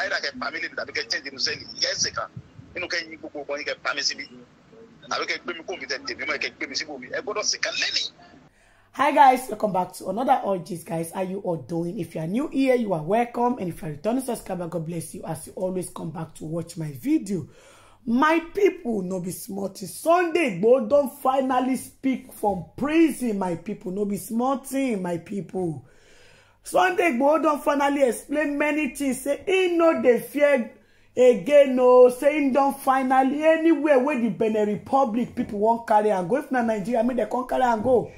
ayira kɛ pami le tàbí kɛ cɛn sɛli i ka ɛsɛ kan minnu kɛ ɲi gbogbo bɔ kɛ pami sibi a bɛ kɛ gbemi ko mi tɛ tɛmɛ ma kɛ gbemi sibi o mi ɛ gbɔdɔ se ka lɛni. Hi guys, welcome back to another All guys. How you all doing? If you are new here, you are welcome. And if you are returning subscriber, God bless you as you always come back to watch my video. My people, no be smarting. Sunday Igboho don't finally speak from prison, my people. No be smarting, my people sunday igboho don finally explain many things say he no dey fear again o say he don finally anywhere wey the benin republic people wan carry am go if na nigeria make dem come carry am go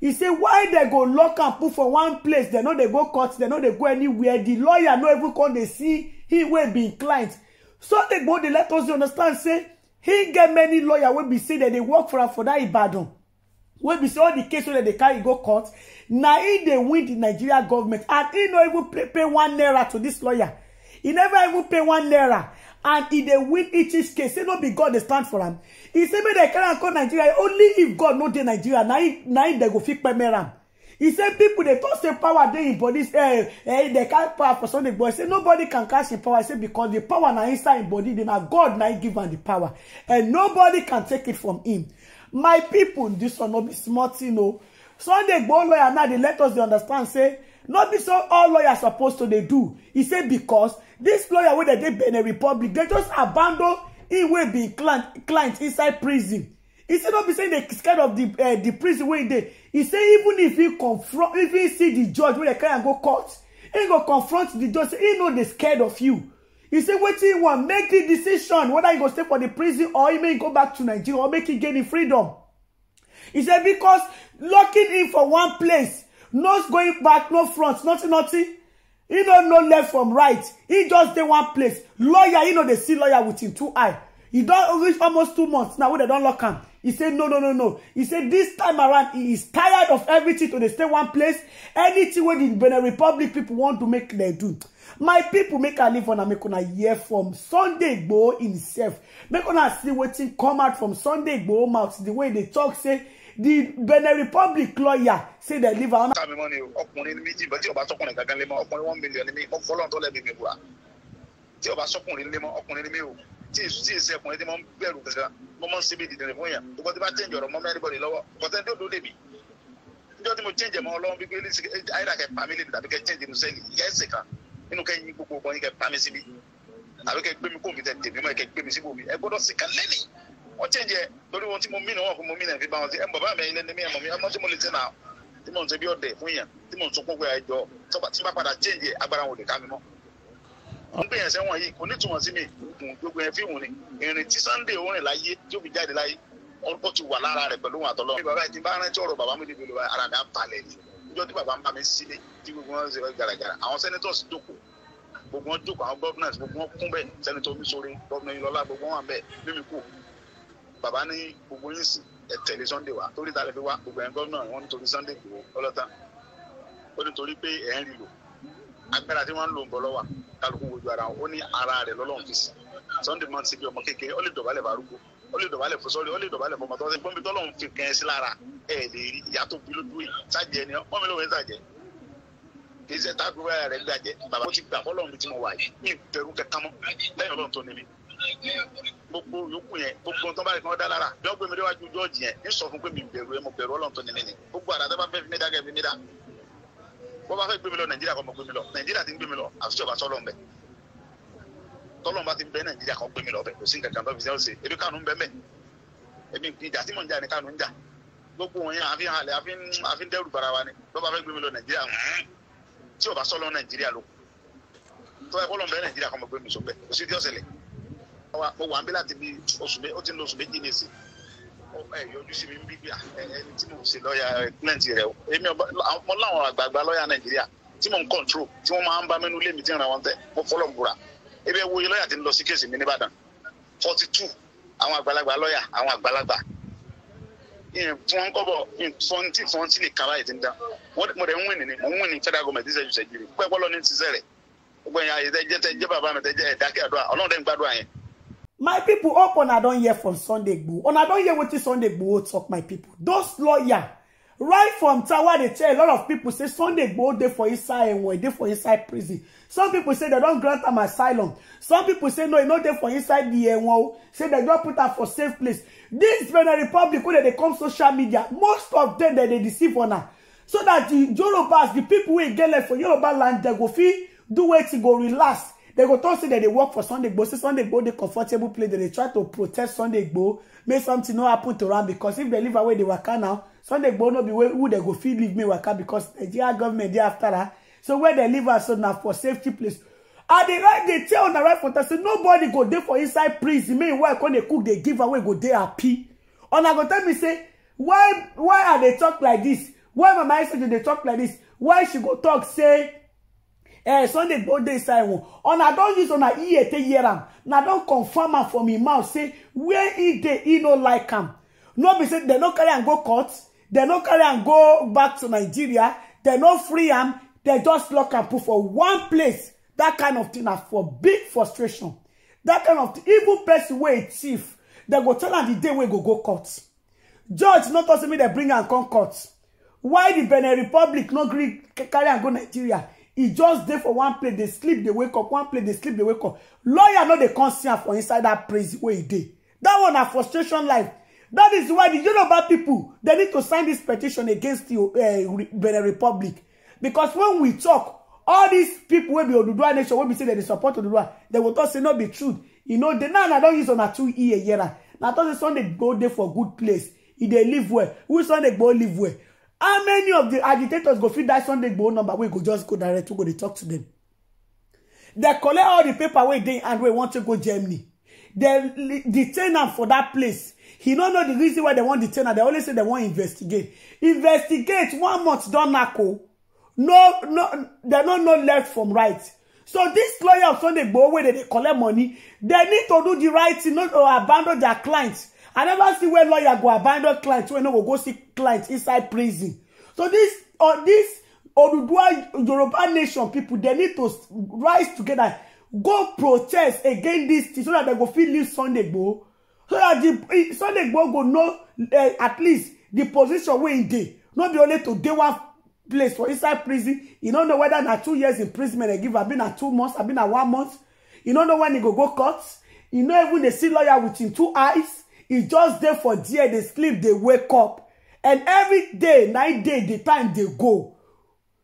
He say why dem go lock am put for one place dem no dey go court dem no dey go anywhere The lawyer no even come dey see him wey be client sunday igboho dey let us understand say he get many lawyer wey be say dem dey work for am for that ibadan wey be say all di case wey dem dey carry go court na e dey win the nigeria government and e no even pay pay one naira to this lawyer He never even pay one naira and e dey win each each case say no be god dey stand for am He say make dem carry am come nigeria only if god no dey nigeria na im dem go fit permit am He say "People, dey tok say power dey in body eh eh dem carry power for sunday but say nobody can catch im power say because the power na inside im body na god na im give am the power and nobody can take it from him my people this one no be small tin o sunday go lawyer now dey let us understand say not be so all lawyers supposed to they do He say because this lawyer they been a republic they just abandon He will be client inside prison He say not be saying they scared of the eh, the prison way they. He say even if he confront, e see the judge when they carry am go court he go confront the judge He know they scared of you e say wetin e want make the decision whether e go stay for the prison or e may go back to nigeria or make e gain the freedom He said, "Because locking in for one place no going back no front nothing nothing He don't know left from right He just dey one place lawyer e know dey see lawyer with him two eye e don reach almost two months now wey dem don lock am He said, No, no, no, no. He said, This time around, he is tired of everything to they stay one place. Anything where the Benin Republic people want to make their do. My people make a live on and make on a year from Sunday go himself. Make on a see waiting come out from Sunday go mouth. The way they talk, say, the Benin Republic lawyer say they live on. ọkùnrin méjì bẹ́ẹ̀ tí ọba sọkùnrin mo fọlọ́n tó mi wura tí ọba sọkùnrin lé mọ́ mo ń bẹ̀rù gangan mo mọ síbi dìdìrín fún yàn gbogbo tí bá change ọ̀rọ̀ mọ́ mẹ́rin bọ̀dì lọ́wọ́ kọ́tẹ́ tó dúró débi níjọ́ tí mo change mọ́ ọlọ́run bíi pé ayélujára kẹ pa tàbí kẹ change musẹ́ ní ìyá ẹ̀sìn kan nínú kẹ yín gbogbo ọkọ yín kẹ pa mí síbi àbí kẹ gbé mi kó mi tẹ tèmi mọ́ kẹ gbé mi síbò mi ẹ gbọ́dọ̀ sì kan lẹ́nìí wọ́n change ẹ lórí ohun tí mo mí náà fún mo mí náà fi bá wọn sí ẹ bàbá mi ẹ̀yin lẹ́ni ẹ̀mọ́ mi ọmọ tí mo lè tẹ́ náà tí mo ń ṣe bí ọ̀dẹ̀ fún yàn tí mo ń sunkún pé àìjọ tí bá padà change ẹ agbára wọn ò lè wọ́n gbé yẹn sẹ́wọ̀n yìí kò ní túmọ̀ sí mi gbogbo yẹn fíìmù ni ìrìn tí Sunday ó rìn láyé tí ó fi jáde láyé ó ti wà lára rẹ̀ pẹ̀lú wọn àtọ́lọ́ mi bàbá ìdí bá rántí ọ̀rọ̀ bàbá mi dìbò lọ́wọ́ ara mi á balẹ̀ ni ìjọ tí bàbá ń bá mi sílé tí gbogbo wọn ṣe gàràgàrà àwọn senators jókòó gbogbo wọn jókòó àwọn governors gbogbo wọn kún bẹ́ẹ̀ senator Omisore governor Ilọlá gbogbo wọn bẹ́ẹ̀ mímí kù bàbá ní gbogbo yín sì ẹ tẹ̀lé Sunday wa torí ta lè fi wá gbogbo yẹn gómìnà wọn nítorí Sunday Igboho ọlọ́tàn kálukú wojú ara wọn ó ní ara rẹ̀ lọ́lọ́run fi sí Sunday mọ́ ti bí ọmọ kékeré ó lè dọ̀bálẹ̀ bárúkú ó lè dọ̀bálẹ̀ fún sọ́ọ́rì ó lè dọ̀bálẹ̀ fún ọmọ tó ṣe pọ́nbi tọ́lọ́run fi kẹ́ ẹ sí lára ẹ̀ lè rí ìyá tó bí lójú yìí ni wọ́n mi lóun ẹ̀ sájẹ kì í ṣe tágbéwá rẹ̀ gbàjẹ́ bàbá mo ti gbà fọlọ́run mi ti mọ̀ wáyé mi bẹ̀rù kankan mọ́ lẹ́yìn ọlọ́run tó ní mi gbogbo yòókù yẹn gbogbo tó bá rí kí wọn dá lára bí wọn gbé mi déwájú jọọjì yẹn ń sọ fún pé mi bẹ̀rù ẹ mo bẹ̀rù Ọlọ́run tó ní mi ni gbogbo àràdá fẹ́ fi mi dá kẹ́ fi mi dá bó bá fẹ́ gbé mi lọ nàìjíríà kọ́ mọ gbé mi lọ nàìjíríà ti ń gbé mi lọ àtúnṣe ọba sọlọ nbẹ tọlọ bá ti ń bẹ nàìjíríà kọ́ gbé mi lọ bẹ kò sí nǹkan kan tó fi sẹ́wọ́n ṣe ebi kánú ń bẹ mẹ èmi ìjà tí mò ń jà ni kánú ń jà gbogbo wọn yẹn àfi halẹ̀ àfi ń dẹ́rù bara wa ni bó bá fẹ́ gbé mi lọ nàìjíríà tí ọba sọlọ nàìjíríà lọ tó ẹkọ nàìjíríà kọ́ mọ gbé mi sọ bẹ kò sí tí ọ̀sẹ̀ lẹ̀ mo wà ń bí láti bí oṣù méjì ó ti ń lọ oṣù méjì ní ìsìn ẹ yọjú sí mi ń bíbí ah, ẹni tí mò ń ṣe lọ́ọ̀yà plenty rẹ o èmi ọmọ láwọn àgbààgbà lọ́ọ̀yà nàìjíríà tí mò ń control tí wọ́n máa ń bá mẹ́nu lé mi tí ń ra wọn tẹ́ mo fọlọ́ ń búra ebi ẹwo lọ́ọ̀yà ti ń lọ sí kéèsì mi nìbàdàn forty two àwọn àgbàlagbà lọ́ọ̀yà àwọn àgbàlagbà fọ́nkọ́bọ̀ fọ́ntì fọ́ntì lè kaba yìí ti ń dán mo dẹ̀ ń wìn ní mo ń wìn ní federal government ti sẹ́jú sẹ́jú rẹ̀ pẹ́ẹ́pọ́ lọ́ọ̀ ní ti sẹ́rẹ̀ gbọ́n yà jẹ́ bàbá mi tẹ́ jẹ́ ẹ̀dákẹ́ àdúrà ọlọ́run dẹ́ ń gbàdúrà yẹn my pipo hope una don hear from sunday gboo una don't hear wetin sunday gboo talk my people, those lawyer right from Tawa. They tell a lot of people say sunday gboo dey for inside enwon dey for inside prison some people say they don't grant them asylum some people say no e no dey for inside di enwon oh. say they don put am for safe place This dis benin republic when they come social media most of them that they deceive una so that the yorubas the people who get left for yoruba land they go fit do wetin go relax they go talk say that they work for sunday igbo say sunday go dey comfortable place they try to protect sunday go make something no happen to am because if they leave away they work now sunday go not be where who they go fit leave me work because the nigeria government they after her so where they live her so now for safety place and they right They tell on the right for say nobody go there for inside prison make work when they cook they give away go there happy and I go tell me say why why are they talk like this why mama isaje they talk like this why she go talk say eh sunday go oh, dey inside one oh, una don't use on a ear take hear am Now don't confirm am from im mouth say where e dey e no like am no be say they no carry and go court They no carry and go back to nigeria They no free am They just lock and put for one place That kind of thing na for big frustration That kind of evil even person wey chief they go tell am the day wey go go court judge not tok me they bring and come court why di benin republic no carry and go nigeria e just dey for one place dey sleep dey wake up one place dey sleep dey wake up lawyer no dey come see am for inside that prison wey e dey That one na frustration life That is why di yoruba people? dem need to sign this petition against di eh, benin republic because when we talk, all these people wey be oduduwa nation wey be say dem dey support oduduwa They go tok say no be truth e no dey now na don use una two year yera ah. na tok say sunday go dey for good place e dey live well which sunday go live well how many of the agitators go fit die sunday gboo number wey go just go direct we go dey talk to them. dem collect all the paper wey dey and wey want to go germany dem detain am for that place he no know the reason why dem wan detain am dem always say dem wan investigate investigate one month don knack no no dem no know left from right so this lawyer of sunday gboo wey dem dey collect money dem need to do the right thing no to abandon their clients i never see where lawyer go abandon clients. wey no go go see clients inside prison so this, or uh, dis oduduwa yoruba nation people, they need to rise together, go protest against this thing so that they go feel leave sunday gboo so that the eh, sunday go go know eh, at least the position where e dey no be only to day one place for inside prison e no know whether na two years imprisonment they give I've been at two months I've been at one month e no know wen e go go court You know even they see lawyer within two eyes e just dey for there dey sleep dey wake up and every day night day the time dey go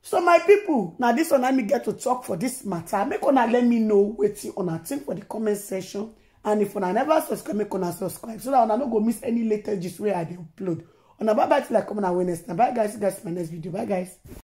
so my people, na this one i get to talk for this matter make una let me know wetin una think for the comment section and if una never subscribe make una subscribe so that una no go miss any latest gist wey i dey upload una bye bye till i come on wednesday bye guys guys my next video bye guys